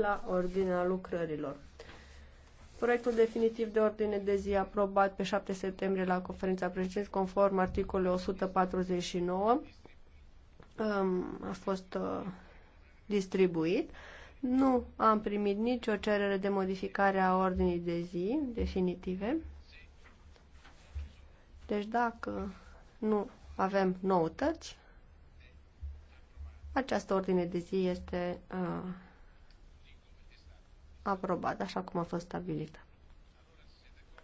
la ordinea lucrărilor. Proiectul definitiv de ordine de zi aprobat pe 7 septembrie la conferința președinți conform articolului 149 um, a fost uh, distribuit. Nu am primit nicio cerere de modificare a ordinii de zi definitive. Deci dacă nu avem noutăți, această ordine de zi este uh, aprobat, așa cum a fost stabilită